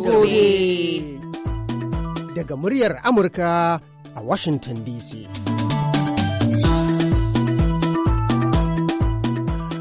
gobe. Daga muryar Amurka a Washington DC.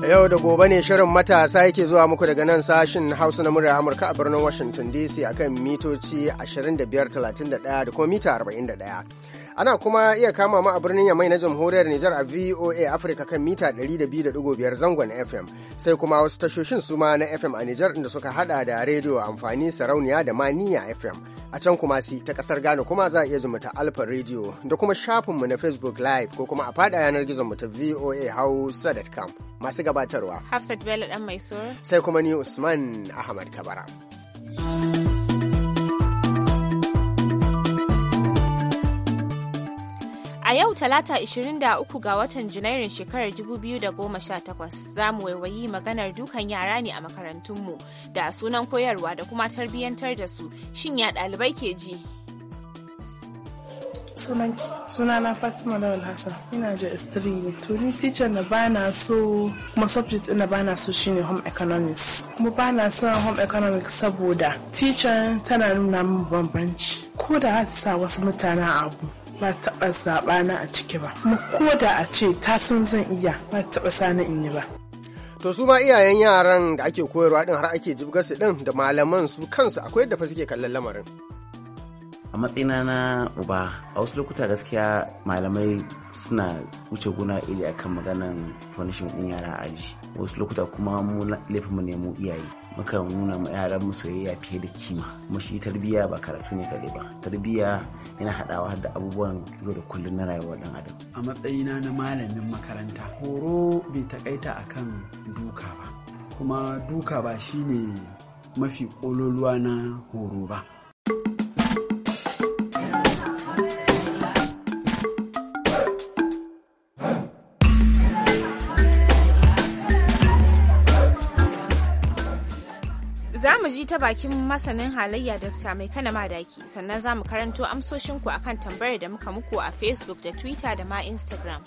Yau da gobe ne shirin matasa yake zuwa muku daga nan sashin Hausa na muryar Amurka a birnin Washington DC akan mitoci 25, 31 da kuma mita 41. Ana kuma iya kama mu a birnin Yamai na Jamhuriyar Nijar a VOA Africa kan mita 102.5 zangon FM sai kuma wasu tashoshin su ma na FM a Nijar inda suka hada da rediyo amfani sarauniya da maniya FM. A can kuma si ta kasar Ghana kuma za a iya ta Alfa Radio da kuma shafinmu na Facebook Live ko kuma a fada yanar gizon mu ta VOA Hausa.com masu gabatarwa. Hafsat Bello dan mai Sai kuma ni Usman Ahmad Kabara. yau talata 23 ga watan Janairun shekarar 2018 za mu waiwayi maganar dukan yara ne a makarantunmu da sunan koyarwa da kuma tarbiyyantar da su shin ya dalibai ke ji. sunana fatima lawal hassan ina da istiri to ni teacher na bana so kuma subject ina bana so shine home economics kuma bana son home economics saboda teacher tana nuna min bambanci ko da ta sa wasu mutane abu ba taɓa zaɓa na a ciki ba kuma ko da a ce ta san zan iya ba taɓa sani in yi ba to su ma iyayen yaran da ake koyarwa din har ake jibgarsu din da malaman su kansu akwai yadda fa suke kallon lamarin a matsayina na uba a wasu lokuta gaskiya malamai suna wuce gona iri akan maganan punishin ɗin yara a aji wasu lokuta kuma mu laifin mu nemo iyaye muka nuna ma yaran mu soyayya fiye da kima kuma shi tarbiyya ba karatu ne kaɗai ba tarbiyya yana haɗawa da abubuwan yau da kullum na rayuwar dan adam a matsayina na malamin makaranta horo bai takaita akan duka ba kuma duka ba shine mafi ƙololuwa na horo ba ta bakin masanin halayya Dr. Mai Kana Madaki sannan za mu karanto amsoshinku akan tambayar da muka muku a Facebook da Twitter da ma Instagram.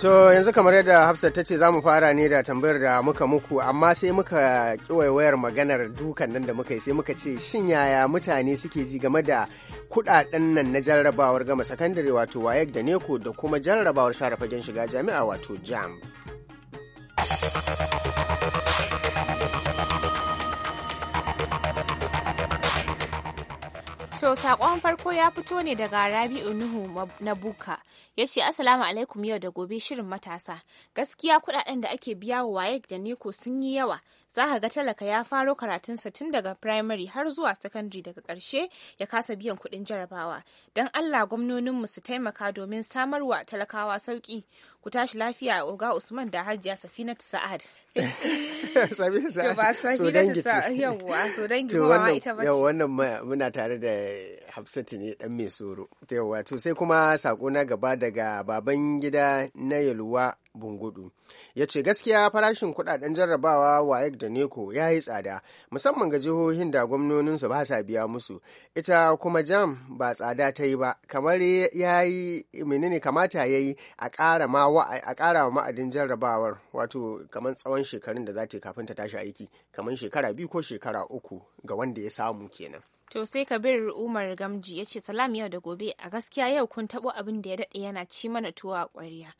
To yanzu kamar yadda Hafsat ta ce za mu fara ne da tambayar da muka muku amma sai muka wayar maganar dukan nan da muka yi sai muka ce shin yaya mutane suke ji game da kudaden nan na jarrabawar gama sakandare wato wayek da neko da kuma jarrabawar share fagen shiga jami'a wato jam. To sakon farko ya fito ne daga Rabi'u Nuhu na Buka. Ya ce Assalamu alaikum yau da gobe shirin matasa. Gaskiya kudaden da ake biya wa WAEC da neko sun yi yawa. Za ka ga talaka ya faro karatunsa tun daga primary har zuwa secondary daga ƙarshe ya kasa biyan kuɗin jarabawa. Don Allah gwamnoninmu su taimaka domin samarwa talakawa sauƙi. Ku tashi lafiya a Oga Usman da Hajiya Safinatu Sa'ad. sabi sa so dangi ce yawwa so dangi kuma ita bace yawwa wannan muna tare da Hafsatu ne dan mai soro yawwa to sai kuma sako na gaba daga baban gida na Yalwa bungudu ya ce gaskiya farashin kudaden jarrabawa wayek da neko ya yi tsada musamman ga jihohin da gwamnoninsu ba sa biya musu ita kuma jam ba tsada ta yi ba kamar ya yi menene kamata ya yi a kara wa ma'adin jarrabawar wato kamar tsawon shekarun da za ta kafin ta tashi aiki kamar shekara biyu ko shekara uku ga wanda ya samu kenan To sai Kabir Umar Gamji ya ce salam yau da gobe a gaskiya yau kun tabo abin da ya daɗe yana ci mana tuwa a ƙwarya.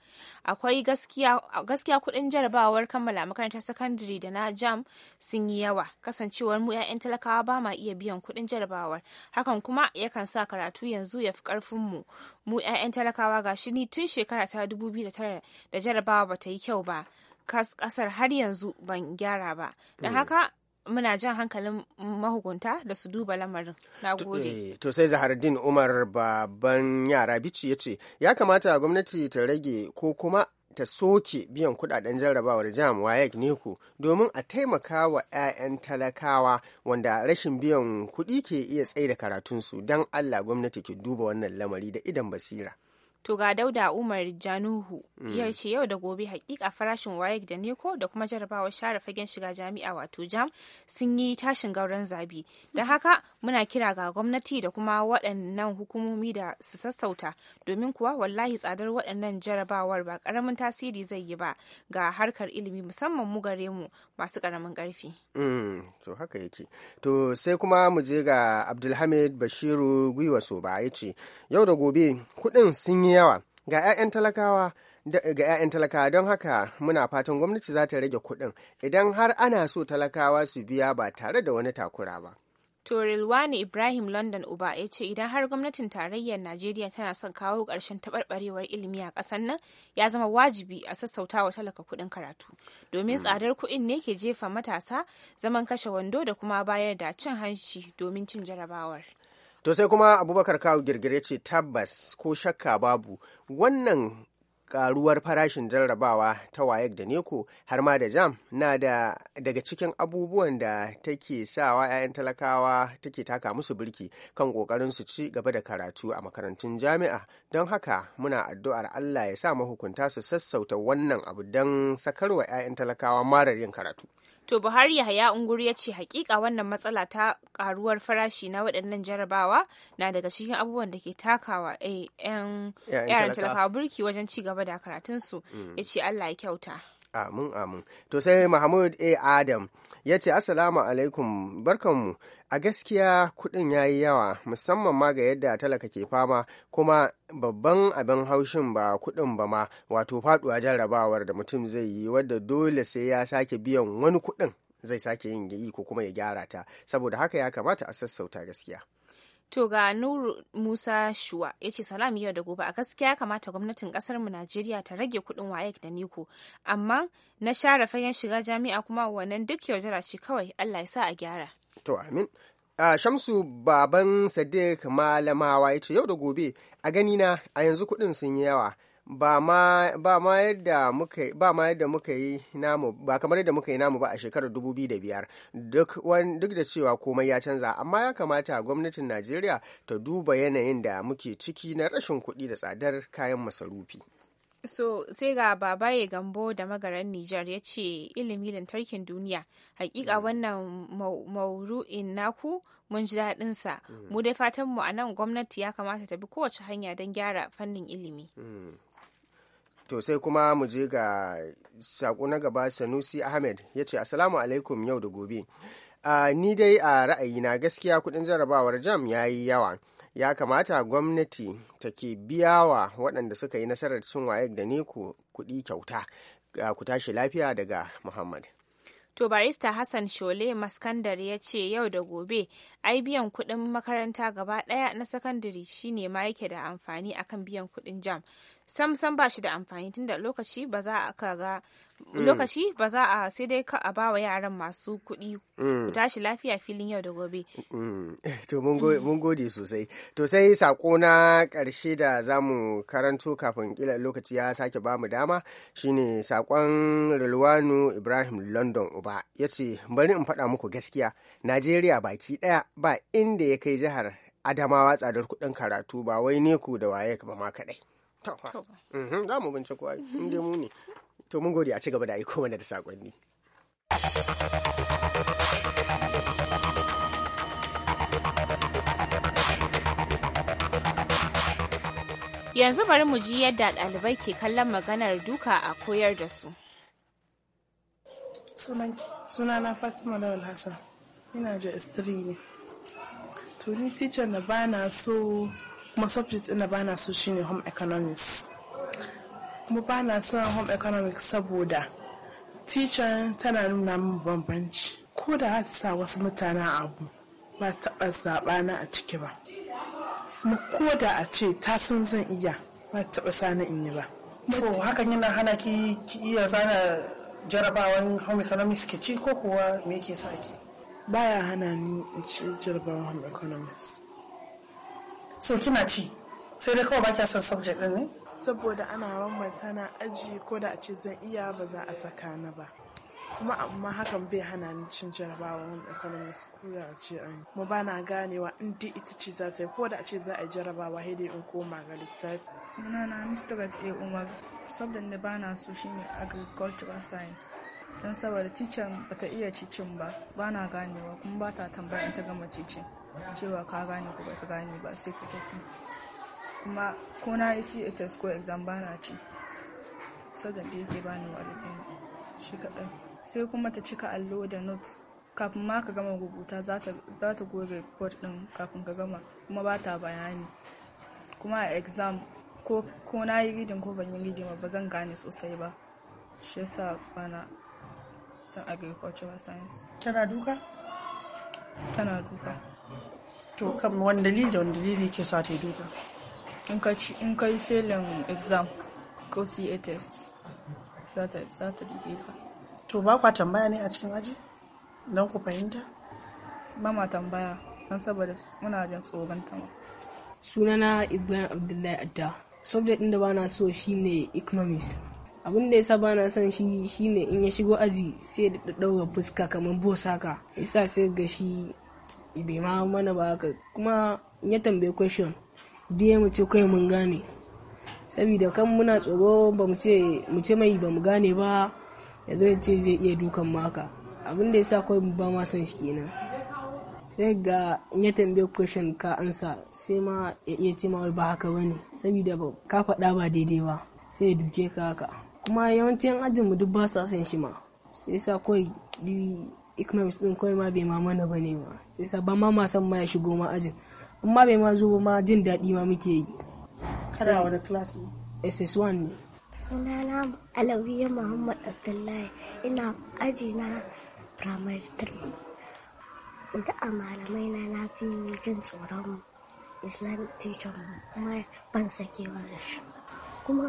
Akwai gaskiya kuɗin jarabawar kammala makarantar sakandare da na jam sun yi yawa kasancewar mu 'ya'yan talakawa ba ma iya biyan kuɗin jarabawar hakan kuma yakan sa karatu yanzu ya fi ƙarfin mu mu 'ya'yan talakawa gashi ni tun shekara ta 2009 da jarabawa bata yi kyau ba kasar har yanzu ban gyara ba. da mm. haka muna jan hankalin mahukunta da su duba lamarin na gode eh, to sai zahardin umar baban yara bici ya ce ya kamata gwamnati ta rage ko kuma ta soke biyan kudaden jarrabawar jam wayek neku domin a taimaka wa 'ya'yan talakawa wanda rashin biyan kuɗi ke iya da karatunsu don allah gwamnati ke duba wannan lamari da idan basira To ga Dauda Umar Januhu mm. ya ce yau da gobe hakika farashin wayek da neko da kuma jarabawar share fagen shiga jami'a wato JAM sun yi tashin gauran zabi. Da haka muna kira ga gwamnati da kuma waɗannan hukumomi da su sassauta domin kuwa wallahi tsadar waɗannan jarabawar ba ƙaramin tasiri zai yi ba ga harkar ilimi musamman mu gare mu masu ƙaramin ƙarfi. Mm, to haka yake. To sai kuma mu je ga Abdulhamid Bashiru Gwiwa Soba ya ce yau da gobe kuɗin sun yi yawa ga 'ya'yan talakawa ga 'ya'yan talakawa don haka muna fatan gwamnati za ta rage kuɗin idan har ana so talakawa su biya ba tare da wani takura ba. To Ibrahim London Uba ya ce idan har gwamnatin tarayyar Najeriya tana son kawo ƙarshen taɓarɓarewar ilimi a ƙasar nan ya zama wajibi a sassauta wa talaka kuɗin karatu. Domin mm. tsadar kuɗin ne ke jefa matasa zaman kashe wando da kuma bayar da cin hanci domin cin jarabawar. to sai kuma abubakar kawo girgire ce tabbas ko shakka babu wannan karuwar farashin jarrabawa ta wayek da neko har ma da jam na da daga cikin abubuwan da take sawa 'ya'yan talakawa take taka musu birki kan kokarin su ci gaba da karatu a makarantun jami'a don haka muna addu'ar allah ya sa mahukunta su sassauta wannan abu don sakarwa 'ya'yan talakawa marar yin karatu To Buhari Yahaya Unguri ya ce hakika wannan matsala ta karuwar farashi na waɗannan jarabawa na daga cikin abubuwan da ke takawa eh, 'yan talakawa burki wajen ci gaba da karatunsu mm. ya ce Allah ya kyauta. Amin amin. To sai Mahmud A. Adam ya ce Assalamu alaikum barkanmu a gaskiya kuɗin ya yi yawa musamman ma ga yadda talaka ke fama kuma babban abin haushin ba kuɗin ba ma wato faɗuwa jarrabawar da mutum zai yi wadda dole sai ya sake biyan wani kuɗin zai sake yin yi ko kuma ya gyara ta saboda haka ya kamata a sassauta gaskiya. To ga Nuru Musa Shuwa ya ce salam yau da gobe a gaskiya kamata gwamnatin kasar mu Najeriya ta rage kuɗin WAEC da Niko amma na share fayan shiga jami'a kuma wannan duk yaudara ce kawai Allah ya sa a gyara. To amin. Uh, Shamsu baban Sadiq malamawa ya ce yau da gobe a ganina a yanzu kuɗin sun yi yawa ba ma yadda muka yi namu ba kamar yadda muka yi namu ba a shekarar 2005 duk duk da cewa komai ya canza amma ya kamata gwamnatin Najeriya ta duba yanayin da muke ciki na rashin kuɗi da tsadar kayan masarufi so sai ga babaye gambo da magaran Nijar ya ce ilimi lantarkin duniya hakika mm. wannan mauru'in naku mun ji daɗin sa mm. mu dai fatanmu a nan gwamnati ya kamata ta bi kowace hanya don gyara fannin ilimi mm. to sai kuma mu je ga sako na gaba sanusi ahmed ya ce asalamu alaikum yau da gobe Uh, ni dai a ra'ayina gaskiya kudin jarabawar jam ya yi yawa ya kamata gwamnati ta ke biya wa waɗanda suka yi nasarar cin wayek da ni ku kuɗi kyauta uh, ku tashi lafiya daga muhammad To barista Hassan Shole Maskandar ya ce yau da gobe ai biyan kuɗin makaranta gaba ɗaya na sakandare shine ma yake da amfani akan biyan kuɗin jam. sam sam ba shi da amfani tunda lokaci ba za a kaga mm. lokaci ba za a sai dai ka a wa yaran masu kuɗi ku mm. tashi lafiya filin yau da gobe. Mm. Eh, to mun gode sosai. To sai sako na ƙarshe da zamu karanto kafin ƙila lokaci ya sake ba mu dama shine sakon Rilwanu Ibrahim London Uba ya ce bari in faɗa muku gaskiya Najeriya baki ɗaya ba inda ya kai jihar Adamawa tsadar kuɗin karatu ba wai ne ku da waye ba ma kaɗai. Mhm, za mu bincika ai inda mu ne to mun gode a ci gaba da aiko mana da sakonni yanzu bari mu ji yadda ɗalibai ke kallon maganar duka a koyar da su sunanki sunana fatima lawal hassan ina da ne to ni na bana so kuma subject ina bana so shine home economics kuma bana son home economics saboda teacher tana nuna min bambanci ko da ta sa wasu mutane abu ba taɓa na a ciki ba kuma ko da a ce ta san zan iya ba ta taɓa sani in yi ba to hakan yana hana ki iya zana jarabawan home economics ki ci ko kuwa me ke sa ki baya hana ni in ci jarabawan home economics so kina ci sai dai kawai baki san subject din ne saboda ana bambanta tana aji ko da a ce zan iya ba za a saka na ba kuma amma hakan bai hana ni cin jarabawan economic sukuya a ce an mu ba na ganewa in dai ita ce za ta yi ko da a ce za a yi jarabawa sai in koma ga littafi suna na mr a umar saboda da ba na so shine agricultural science don saboda cicin bata iya cicin ba ba ganewa kuma ba ta tambaya ta gama cicin cewa ka gane ko baka gane ba sai ka tafi kuma ko na yi CHS ko exam ba na ci saboda da yake bani walifin shi kaɗai sai kuma ta cika allo da notes kafin ma ka gama rubuta za ta goge report ɗin kafin ka gama kuma ba ta bayani kuma a exam ko na yi reading ko ban yi reading ba zan gane sosai ba shi yasa bana san agricultural science tana duka tana duka to kan wani dalili da wani dalili ke sa ta yi duka in ka yi felin exam ko ca test za ta dike ka to ba kwa tambaya ne a cikin aji don ku fahimta ba ma tambaya don saboda muna jin tsoron tama sunana ibrahim abdullahi adda subject ɗin da ba na so shine economics abin da yasa bana son shi shine in ya shigo aji sai da ɗaura fuska kamar bosaka, ya yasa sai ga shi bai ma mana ba haka kuma ya tambaye question duk mu ce kai mun gane saboda kan muna tsoro ba mu ce mu ce mai ba mu gane ba ya zo ce zai iya dukan mu haka abin da yasa kai ba ma san shi kenan sai ga in ya tambaye question ka ansa sai ma ya iya ce ma ba haka bane saboda ba ka faɗa ba daidai ba sai ya duke ka haka kuma yawancin mu duk ba sa san shi ma sai yasa kai economics din kawai ma bai ma mana ba ne ba isa ba ma masan ma ya shigo ma ajin amma bai ma zo ma jin daɗi ma muke yi karawa da class ss1 ne sunana alawiyar muhammad abdullahi ina aji na primary 3 da a malamai na na fi jin tsoron islamic teacher kuma ban sakewa wani shi kuma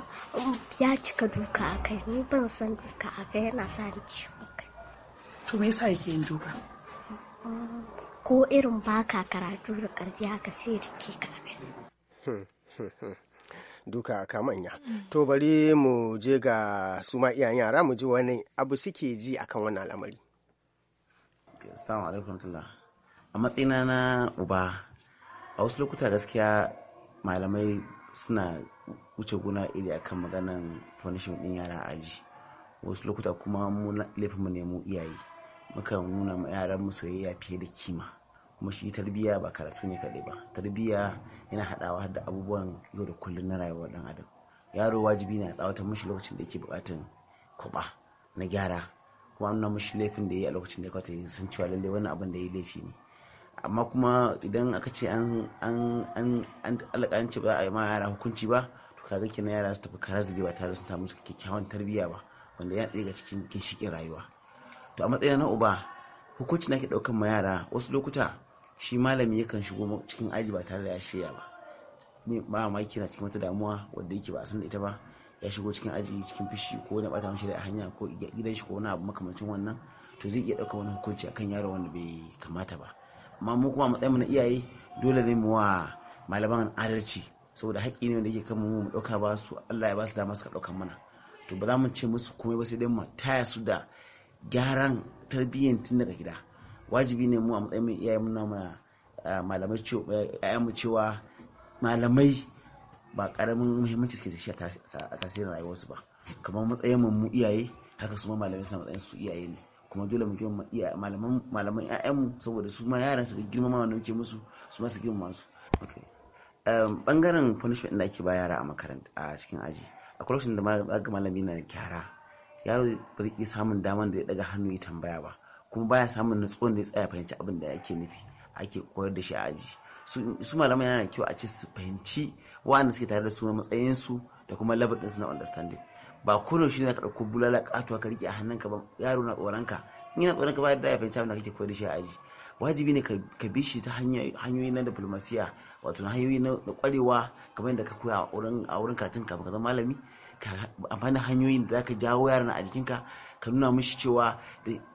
ya cika duka a kai ni ban san duka a kai yana sa ni ciwo to me yasa yake yin duka ko irin baka karatu da karfi haka sai rike ka duka ka manya to bari mu je ga su ma iyayen yara mu ji wani abu suke ji akan wannan al'amari assalamu alaikum a matsayina na uba a wasu lokuta gaskiya malamai suna wuce guna iri akan maganan punishment din yara aji wasu lokuta kuma mu laifin mu nemo iyaye mukan nuna ma yaran mu soyayya fiye da kima kuma shi tarbiya ba karatu ne kaɗai ba tarbiya yana haɗawa da abubuwan yau da kullum na rayuwar ɗan adam yaro wajibi na tsawatar mashi lokacin da yake bukatun kuɓa na gyara kuma nuna mashi laifin da ya yi a lokacin da ya kwata san cewa lallai wannan abin da ya yi laifi ne amma kuma idan aka ce an an an ba a yi ma yara hukunci ba to kaga kina yara su tafi karazube ba tare da su samu kyakkyawan tarbiya ba wanda ya yana daga cikin ginshikin rayuwa to a matsayin na uba hukuncin ake ɗaukan ma yara wasu lokuta shi malami yakan shigo cikin aji ba tare da ya shirya ba ba ma na cikin wata damuwa wadda yake ba a san da ita ba ya shigo cikin aji cikin fishi ko na bata mishi da hanya ko gidan shi ko wani abu makamancin wannan to zai iya ɗauka wani hukunci kan yaro wanda bai kamata ba amma mu kuma matsayin mu na iyaye dole ne mu wa malaman adalci saboda haƙƙi ne wanda yake kan mu mu ɗauka ba su Allah ya ba su dama suka ɗauka mana to ba za mu ce musu komai ba sai dai mu taya su da gyaran tarbiyyar tun daga gida wajibi ne mu a matsayin yi muna malamai eh, mu cewa malamai ba karamin muhimmanci suke da shi a tasirin rayuwarsu ba kamar matsayin mu iyaye haka su ma malamai suna matsayin su iyaye ne kuma dole mu girma malaman malaman ƴaƴanmu saboda su ma yaran su ga ma wannan ke musu su ma su girma su bangaren ehm, punishment da ake ba yara a makaranta a cikin aji a kwalashin da ga malami na gyara yaro ba zai iya samun daman da ya daga hannu ya tambaya ba kuma baya samun nutsu da ya tsaya fahimci abin da yake nufi ake koyar da shi a aji su malamai yana da kyau a ce su fahimci wa'anda suke tare da su matsayin su da kuma labarin su na understanding ba kullum shi ne ka ɗauko bulala katuwa ka rike a hannunka ba yaro na tsoronka in yana tsoronka ba yadda ya fahimci abin da kake koyar da shi a aji wajibi ne ka bi shi ta hanyoyi na diplomasiya wato na hanyoyi na kwarewa kamar yadda ka koya a wurin karatun kafin ka zama malami ka amfani hanyoyin da zaka jawo yaran a jikinka ka nuna mishi cewa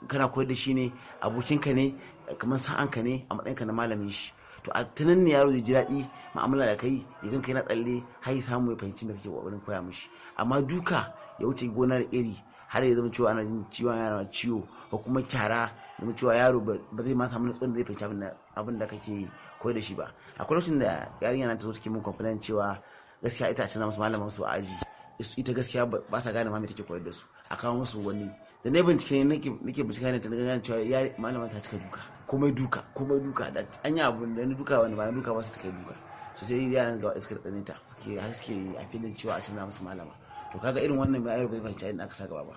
kana koyar da shi ne abokinka ne kamar sa'anka ne a matsayinka na malamin shi to a tunan ne yaro zai ji daɗi ma'amala da kai ya ganka yana tsalle har ya samu ya fahimci da kake kokarin koya mishi amma duka ya wuce gona da iri har ya zama cewa ana jin ciwon yana ciwo ko kuma kyara zama cewa yaro ba zai ma samu nutsuwar da zai fahimci abin da kake koyar da shi ba akwai lokacin da yarinya na ta zo take min kwamfanin cewa gaskiya ita ce na masu malamin su a aji ita gaskiya ba sa gane mami take koyar da su a kawo musu wani da na bincike nake bincike ne ta na gane cewa ya malama ta cika duka komai duka komai duka da an yi abu da ni duka wani ba na duka ba su take duka su sai yaran gaba iskar ɗane ta suke har suke a filin cewa a canza musu malama to kaga irin wannan mai bai fahimci idan aka sa gaba ba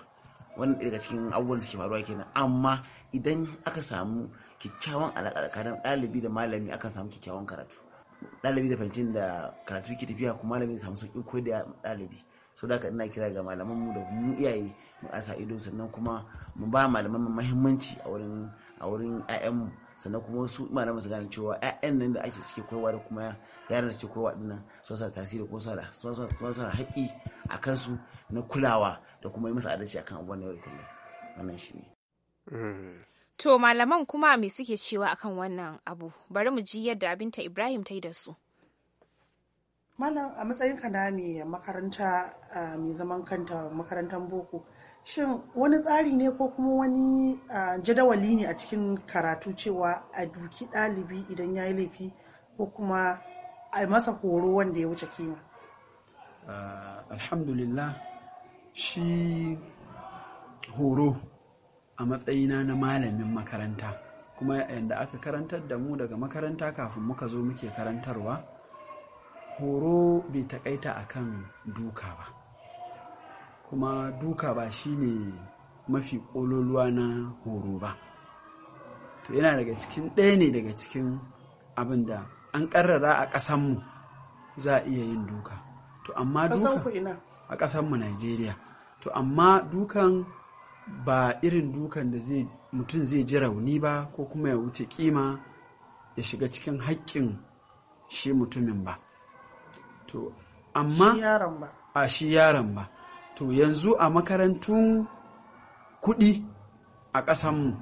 wannan daga cikin abubuwan da suke faruwa kenan amma idan aka samu kyakkyawan alaƙa tsakanin ɗalibi da malami akan samu kyakkyawan karatu ɗalibi da fahimcin da karatu ke tafiya kuma malami samu sauƙin koyar da ɗalibi sau da ina kira ga malaman mu da mu iyaye mu asa ido sannan kuma mu ba malaman mu muhimmanci a wurin a wurin mu sannan kuma su malaman su gane cewa ƴaƴan nan da ake suke koyarwa da kuma yaran da suke koyarwa nan su sa tasiri ko su sa haƙi a kansu na kulawa da kuma yi musu adalci akan abubuwan yau da kullum wannan shi ne. To malaman kuma me suke cewa akan wannan abu bari mu ji yadda abinta Ibrahim ta yi da su. Malam a matsayin ka na makaranta mai zaman kanta makarantar boko shin wani tsari ne ko kuma wani jadawali ne a cikin karatu cewa a duki ɗalibi idan ya yi laifi ko kuma a masa horo wanda ya wuce kima alhamdulillah shi horo a matsayina na malamin makaranta kuma yadda aka karantar da mu daga makaranta kafin muka zo muke karantarwa horo bai takaita kan duka ba kuma duka ba shine mafi ƙololuwa na horo ba to yana daga cikin ɗaya ne daga cikin abin da an ƙarrara a ƙasanmu za a iya yin duka to amma duka a ƙasanmu nigeria to amma dukan ba irin dukan da mutum zai ji rauni ba ko kuma ya wuce kima ya shiga cikin haƙƙin shi mutumin ba to amma a shi yaron ba to yanzu a makarantun kuɗi a ƙasanmu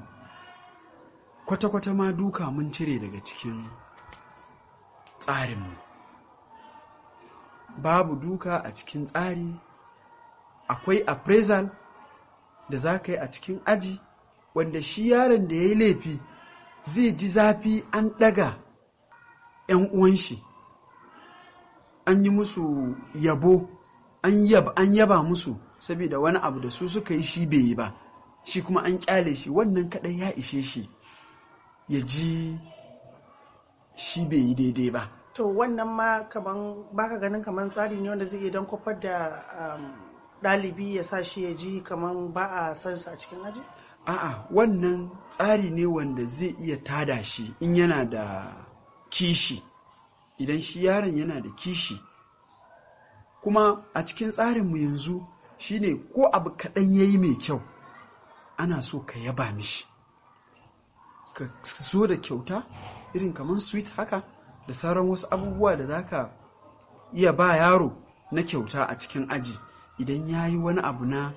kwata-kwata ma duka mun cire daga cikin tsarinmu babu duka a cikin tsari akwai appraisal da za ka yi a cikin aji wanda shi yaron da ya yi laifi zai ji zafi an ɗaga 'yan uwan shi an yi musu yabo an yaba an yaba musu saboda wani abu da su suka yi shi bai yi ba shi kuma an kyale shi wannan kadai ya ishe shi ya ji shi bai yi daidai ba to wannan ma kaman baka ganin kaman tsari ne wanda zai iya don kwafar da um, ɗalibi ya sa shi ya ji kaman ba a san a cikin aji a'a wannan tsari ne wanda zai iya tada shi in yana da kishi idan shi yaron yana da kishi kuma a cikin tsarinmu yanzu shine ko abu kaɗan ya yi mai kyau ana so ka yaba mishi ka zo da kyauta irin kamar sweet haka da sauran wasu abubuwa da za ka iya ba yaro na kyauta a cikin aji idan ya yi wani abu na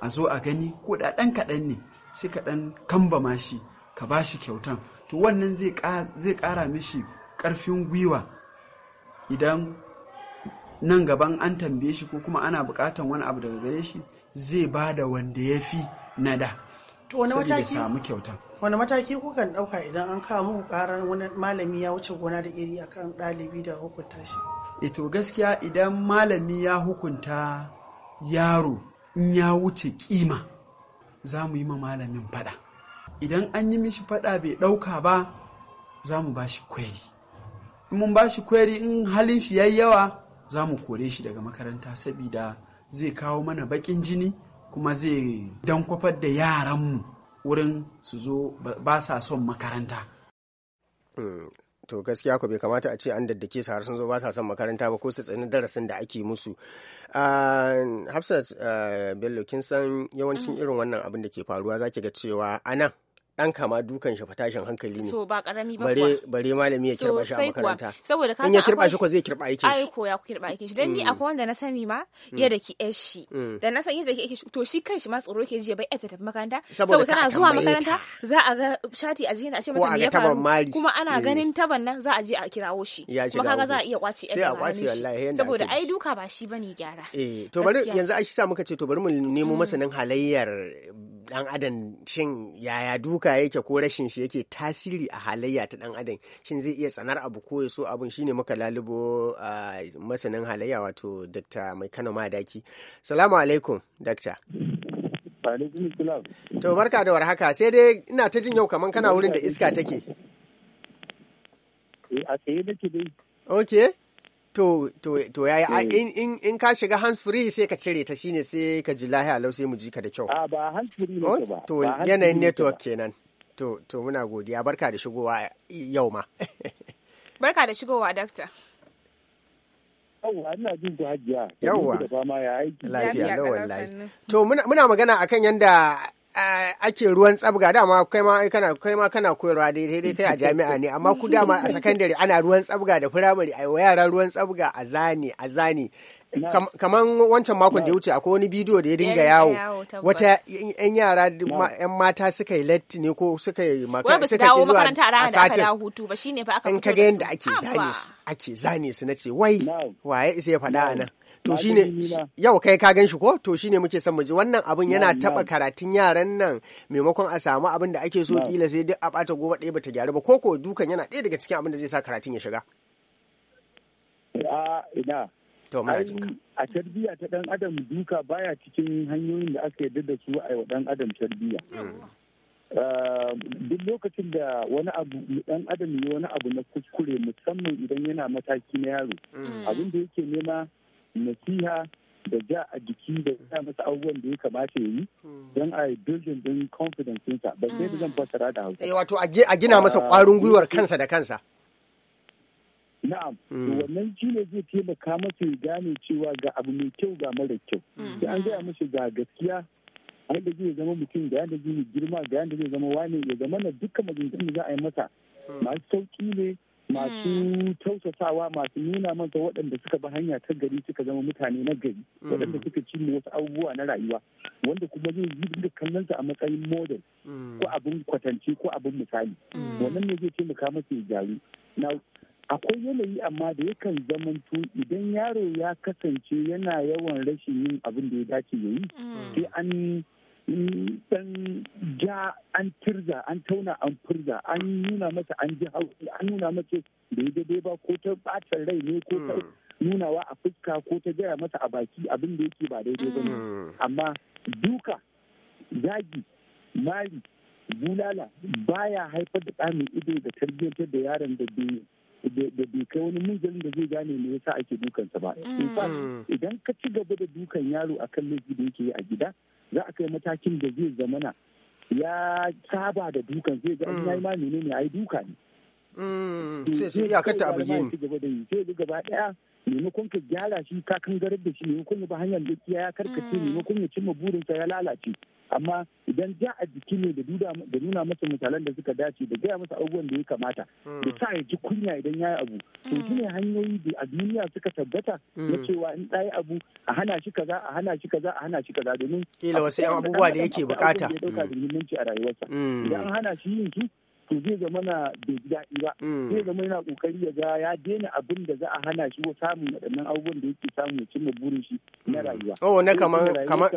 a zo a gani ko da ɗan kaɗan ne sai ka ɗan kambama shi ka ba shi kyautan to wannan zai ƙara mishi ƙarfin gwiwa idan nan gaban an tambaye shi ko kuma ana buƙatan wani abu daga gare shi zai ba da wanda ya fi na da wani mataki kukan ɗauka idan an kawo muku ƙarar wani malami ya wuce gona da iri akan ɗalibi da hukunta shi ito eh gaskiya idan malami ya hukunta yaro in ya wuce kima za mu yi ma malamin fada idan an yi mishi fada bai ɗauka ba za mu ba shi kweri in mun ba shi kweri in halin shi yayi yawa za mu kore shi daga makaranta saboda zai kawo mana bakin jini kuma zai kwafar da yaranmu wurin su zo ba sa son makaranta hmm, to gaskiya ku bai kamata a ce an daddake su har sun zo ba sa son makaranta ba ko su tsani darasin da ake musu ah, hafsat ah, bello kin san yawancin mm. irin wannan abin da ke faruwa zaki ga cewa anan dan kama dukan shi fatashin hankali ne so ba karami ba bare bare malami ya kirba shi a makaranta saboda ka in ya kirba shi ko zai kirba yake shi ai ko ya kirba yake shi dan ni mm. akwai wanda na sani ma mm. ya da ki yar shi mm. da na san yadda yake shi to shi kan shi ma tsoro yake ji bai yata tafi makaranta saboda tana zuwa makaranta za a ga shati a jikin a ce mata me ya faru kuma ana ganin taban nan za a je a kirawo shi kuma kaga za a iya kwace wallahi yanda. saboda ai duka ba shi bane gyara eh to bari yanzu a shi sa muka ce to bari mu nemo masanin halayyar dan adam shin yaya duka yake ko rashin shi yake tasiri a halayya ta dan adam shin zai iya tsanar abu ko ya so abun shine muka lalubo masanin halayya wato dr mai kano madaki salamu alaikum dr to barka da warhaka sai dai ina ta jin yau kaman kana wurin da iska take eh, To, to, to yaya eh. in, in, in ka shiga hands free sai ka cire ta shine sai ka ji lahiya lau sai mu ji ka da kyau. A ba hands free ne oh, ba. To yanayin network kenan. To, to muna godiya barka da shigowa yau ma. barka da shigowa dakta. Yawwa, ina jin ta hajiya. Yawwa. Lafiya, lawan layi. To, muna magana akan yanda ake ruwan tsabga dama kai ma kana kai ma kana koyarwa dai dai kai a jami'a ne amma ku dama a sakandare ana ruwan tsabga da firamare a yara ruwan tsabga a zane a zani kaman wancan makon da ya wuce akwai wani bidiyo da ya dinga yawo wata yan yara yan mata suka yi latti ne ko suka yi makaranta suka yi zuwa a satin hutu ba shine fa aka in kaga yanda ake zane su ake zane su wai waye sai ya faɗa a nan to ne yau kai ka gan shi ko to shine muke son mu wannan abun yana taba karatun yaran nan maimakon a samu abin da ake so kila sai duk a bata goma ɗaya bata gyaru ba ko ko dukan yana ɗaya daga cikin abin da zai sa karatun ya shiga a tarbiyya ta dan adam duka baya cikin hanyoyin da aka yarda da su a wa dan adam tarbiyya duk lokacin da wani abu dan adam yi wani abu na kuskure musamman idan yana mataki na yaro mm. abin da yake nema nasiha da ja a jiki da ya masa abubuwan da ya kamata ya yi don a yi building din confidence ɗinsa ba sai da zan fasara da hausa. Eh, wato a gina masa ƙwarin gwiwar kansa da kansa. Na'am, hmm. wannan shi ne zai taimaka masa ya gane cewa ga abu mai kyau ga mara kyau. Hmm. Sai an gaya masa ga gaskiya a yadda zai zama mutum ga yadda zai girma ga yadda zai zama wane ya zama na dukkan maganganun da za a yi masa hmm. masu sauƙi ne masu hmm. tausasawa masu nuna manta waɗanda suka bi hanya ta gari suka zama mutane na gari hmm. waɗanda suka ci cimma wasu abubuwa na rayuwa wanda kuma zai yi duk kallon a matsayin model hmm. ko abin kwatance ko abin misali wannan ne zai taimaka masa ya gyaru na akwai yanayi amma da yakan zamanto idan yaro ya kasance yana yawan rashin yin abin da ya dace ya yi sai an dan ja an tirza an tauna an furza an nuna masa an ji haushi an nuna da ya dai ba ko ta bacin rai ne ko ta hmm. nunawa a fuska ko ta gaya masa a baki abin da yake ba daidai ba ne hmm. amma duka zagi mari bulala baya haifar da tsamin ido da tarbiyyantar da yaron da bai da bai kai wani munzalin da zai gane me yasa ake dukansa ba in fact hmm. idan ka ci gaba da dukan yaro akan laifi da yake yi a gida za a kai matakin da zai zamana ya saba da dukan zai ga mm. ya ma menene ai duka ne. Mm. Sai ya kata abu yi. Sai gaba ɗaya maimakon ka gyara shi ka garar da shi maimakon ya ba hanyar da ya karkace mm. maimakon ya cimma burinsa ya lalace amma idan ja a jiki ne da nuna masa misalan da suka dace da gaya masa abubuwan da ya kamata mm. da sa ya ji kunya idan ya yi abu to shi ne mm. hanyoyi da a duniya suka tabbata na cewa in ɗaya abu a hana shi kaza a hana shi kaza a hana shi kaza domin kila wasu abubuwa da yake bukata ya dauka da muhimmanci a rayuwarsa idan hana shi yin shi to zai zama na bai daɗi ba mm. zai zama yana kokari ya ga ya daina abin da za a hana shi ko samun waɗannan abubuwan da yake samu ya cimma burin shi na mm. rayuwa oh na kamar kamar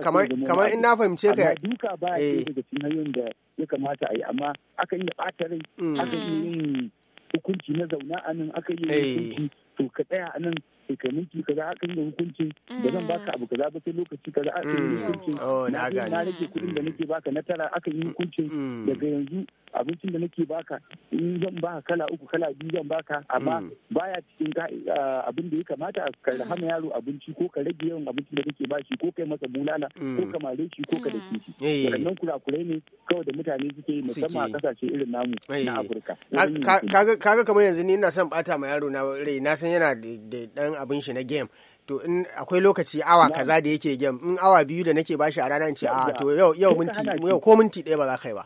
kamar in na fahimce ka duka ba ya eh. daga cikin hanyoyin da ya kamata a yi amma akan yi ɓata rai mm. akan yi hukunci na zauna a nan akan yi eh. hukunci to ka tsaya a nan sai kai kaza aka yi hukuncin da zan baka abu kaza ba sai lokaci kaza aka yi mm. hukuncin oh, na na rage kuɗin da nake baka na tara aka yi mm. hukuncin mm. daga yanzu abincin da nake baka in zan baka kala uku kala biyu zan baka amma baya cikin abin da ya kamata ka rahama yaro abinci ko ka rage yawan abincin da kake shi ko kai masa bulala ko ka mare shi ko ka da shi wannan kurakurai ne kawai da mutane suke yi musamman a kasashe irin namu na Afirka kaga kamar yanzu ni ina son bata ma yaro na rai na san yana da dan abin shi na game to in akwai lokaci awa kaza da yake game in awa biyu da nake bashi a rana in ce a to yau yau minti yau ko minti ɗaya ba za ka yi ba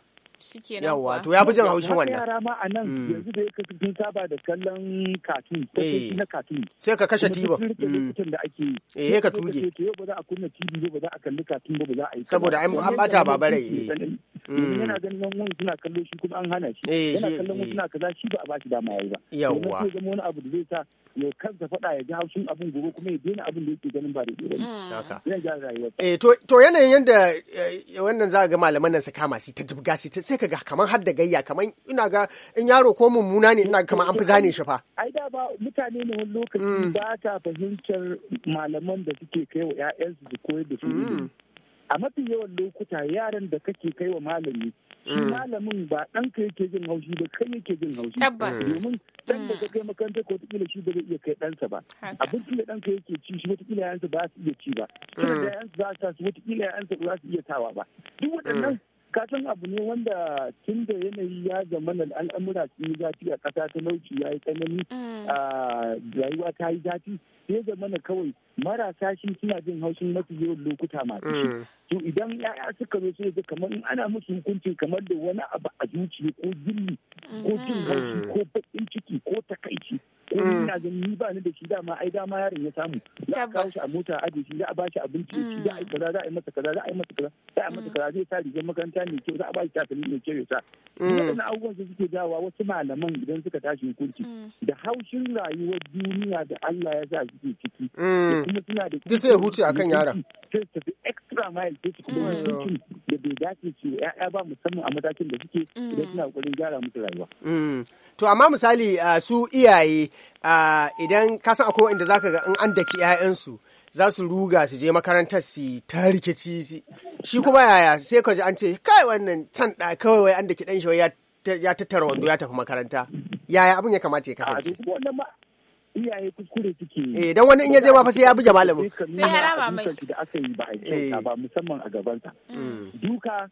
yawwa to ya bujin haushin wannan yara ma anan mm. yanzu da yake sun saba da kallon katun ko eh. na katun sai ka kashe tibo mm. da ake eh ka tuge to yau ba za a kunna tibo ba za a kalli katun ba ba za a yi saboda an bata babare eh Mm. yana ganin wani suna kallon shi kuma an hana shi eh, yana kallon wani suna kaza shi ba a bashi dama yayi ba yawwa ne zama wani abu da zai sa ya kansa faɗa ya ji haushin abin gobe kuma ya daina abin da yake ganin ba da mm. gobe yana ga rayuwarsa eh to to yanayin yanda eh, wannan za ga malaman nan su kama su ta jibga su sai kaga kaman har da gayya kaman ina ga in yaro ko mummuna ne ina kaman an fi zane shi fa ai da ba mutane ne wani lokaci mm. ba ta fahimtar malaman da suke kai wa 'ya'yansu su koyar da su a mafi yawan lokuta yaran da kake kai wa malami shi mm. malamin ba ka yake jin haushi ba kai yake jin haushi mm. domin dan da mm. ka kai makaranta ko tukila shi ba zai iya kai ɗansa ba abin da ka yake ci shi wataƙila yayansa ba su iya ci ba kuma da yayansa sa su wata yayansa ba su iya tawa ba duk waɗannan kasan abu ne wanda tun da yanayi ya zama na al'amura sun yi zafi a ƙasa ta nauci ya yi tsanani ah, rayuwa ta yi zafi sai zama mana kawai marasa shi suna jin haushin mafi yawan lokuta masu shi mm. to idan yaya suka zo sai ga kamar ana musu hukunci kamar da wani abu a zuciya ko gilli ko mm-hmm. jin haushi mm. ko baƙin ciki ko takaici ko mm. ina ga ni ba ni da shi dama ai dama yaron ya samu za a kawo shi a mota a ajiye shi za a ba shi abinci ya ci za a yi kaza za a yi masa kaza za a yi masa kaza za a masa kaza zai sa rigar makaranta mai kyau za a ba shi takalmi mai kyau ya sa wannan abubuwan su suke dawa wasu malaman idan suka tashi hukunci da haushin rayuwar duniya da Allah ya sa suke ciki. Mm. Kuma suna da sai huce akan yara Sai su tafi extra mile sai su kuma da bai dace su ya'ya ba musamman a matakin da suke mm. idan suna kokarin gyara musu rayuwa. Mm. To amma misali uh, su iyaye uh, idan ka san akwai inda zaka ga in an daki 'ya'yansu za su ruga su je makarantar su ta rikici shi kuma yaya sai ka ji an ce kai wannan can da kawai wai an daki dan shi ya tattara wando ya tafi makaranta yaya abin ya kamata ya kasance iyaye kuskure suke yi. Eh dan wani in ya je ma fa sai ya buge malamin. Sai ya mai. da aka yi ba a yi eh. ba musamman a gabansa. Mm. Duka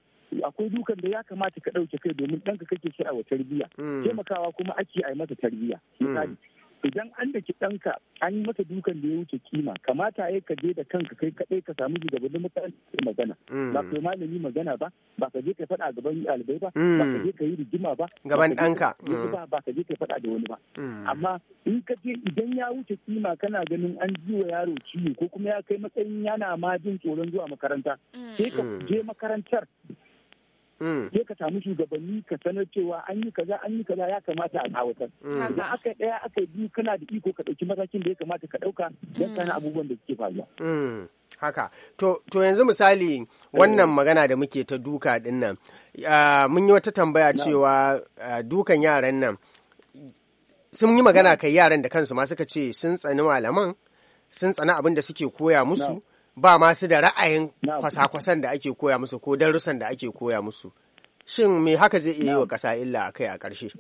akwai dukan da ya kamata ka ɗauke kai domin ɗanka kake shi a wa tarbiyya. Mm. Taimakawa kuma ake a yi masa tarbiyya. Mm. Misali idan an daki ɗanka an yi masa dukan da ya wuce kima kamata ya ka je da kanka kai kaɗai ka samu shugabannin mutane magana mm. ba ka malami magana ba ba ka je ka faɗa gaban ɗalibai ba mm. ba ka je ka yi rigima ba gaban ɗanka mm. ba ka je ka faɗa da wani ba amma in ka je idan ya wuce kima kana ganin an ji wa yaro ciwo ko kuma ya kai matsayin yana ma jin tsoron zuwa makaranta sai ka je makarantar Mm. sai ka samu shugabanni ka sanar cewa an yi kaza an yi kaza ya kamata a tsawatar mm. da aka daya aka biyu kana da iko ka ɗauki matakin da ya kamata ka ɗauka don kana mm. abubuwan da suke faruwa haka to, yanzu misali wannan magana da muke ta duka din nan mun yi wata tambaya cewa dukan yaran nan sun yi magana kai yaran da kansu ma suka ce sun tsani malaman sun tsani abin da suke koya musu no. ba masu da ra'ayin kwasa-kwasan da ake koya musu ko darussan da ake koya musu shin me haka zai iya yi wa ƙasa illa a kai a ƙarshe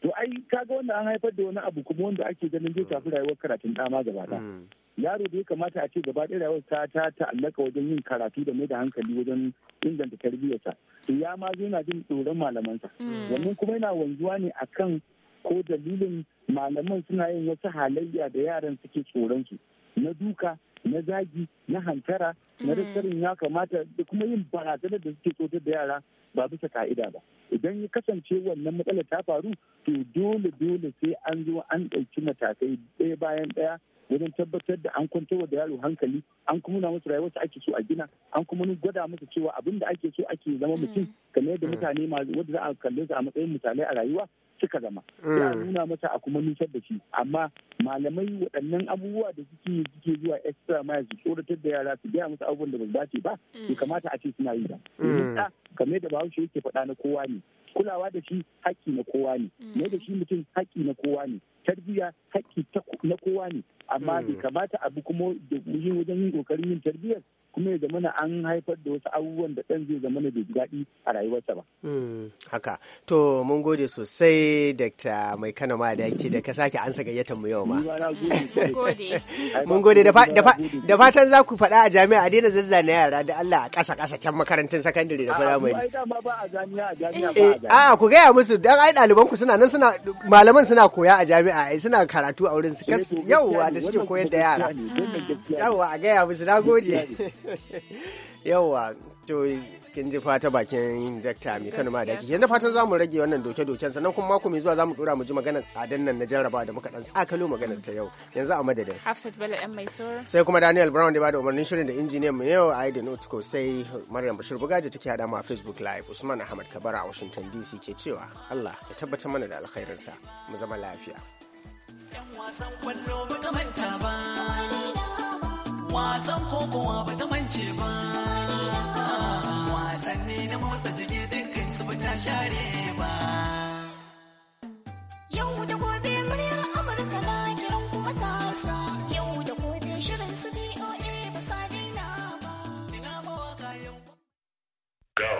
to ai kaga wanda an haifar da wani abu kuma wanda ake ganin zai tafi rayuwar karatun ɗama gaba ɗaya hmm. yaro da ya kamata a ce gaba ɗaya rayuwar ta ta ta'allaka wajen yin karatu da mai da hankali wajen inganta tarbiyyarsa to ya ma yana jin tsoron malamansa hmm. wannan kuma yana wanzuwa ne a kan ko dalilin malaman suna yin wasu halayya da yaran suke tsoron su na duka na zagi na hantara na mm. rikirin ya kamata da kuma yin barazanar da suke tsotar da yara ba bisa ka'ida ba idan ya kasance wannan matsala ta faru to dole dole sai an zo an ɗauki matakai ɗaya bayan ɗaya wajen tabbatar da an kwantar da yaro hankali an kuma nuna musu rayuwar ake so a gina an kuma gwada musu cewa abin da ake so ake zama mm. mutum kamar yadda mm. mutane wanda za a kalle su a matsayin misalai a rayuwa suka zama. Ya mm. nuna masa a kuma nusar da shi. Amma malamai waɗannan abubuwa da suke suke zuwa extra mile su tsoratar da yara su gaya masu abubuwan da ba su dace ba. Ya mm. kamata a ce suna yi ba. Mm. Kamar da Bahaushe yake faɗa na kowa ne. Kulawa da shi haƙƙi na kowa ne. Mai da shi mutum haƙƙi na kowa ne. tarbiya haƙƙi na kowa ne amma bai hmm. kamata abu kuma da yin wajen yin ƙoƙarin yin tarbiyyar kuma ya zamana an haifar da wasu abubuwan da ɗan zai zamana bai daɗi a rayuwarsa ba. Hmm, haka, to mun gode sosai dakta Mai kana ma da ka sake ansa gayyatar mu yau ma. Mun gode da fatan za ku faɗa a jami'a a daina zazzana yara da Allah a ƙasa ƙasa can makarantun sakandare da firamare. Eh, a'a ku gaya musu dan ai ɗaliban ku suna nan suna malaman suna koya a jami'a ai suna karatu a wurin su yauwa da suke koyar da yara yauwa a gaya musu na gode to kin ji fata bakin dakta mai kano ma daki yanzu fatan zamu rage wannan doke-doken sannan kuma mako mai zuwa zamu dora mu ji maganar tsadan nan na jarraba da muka dan tsakalo maganar ta yau yanzu a madadin Hafsat Bello ɗan mai sai kuma Daniel Brown da ba da umarnin shirin da injiniyan mu yau da Otko sai Maryam Bashir da take hada mu a Facebook Live Usman Ahmad Kabara a Washington DC ke cewa Allah ya tabbatar mana da alkhairinsa mu zama lafiya Yan wasan kwallo ba manta ba, wasan kokowa ba ta mance ba, wasanni na motsa jiki dukkan su ba ta share ba. Yau da gobe muryar Amurka na kiran kuma ta hasa, yau da gobe shirin su BOA ba sa daina ba.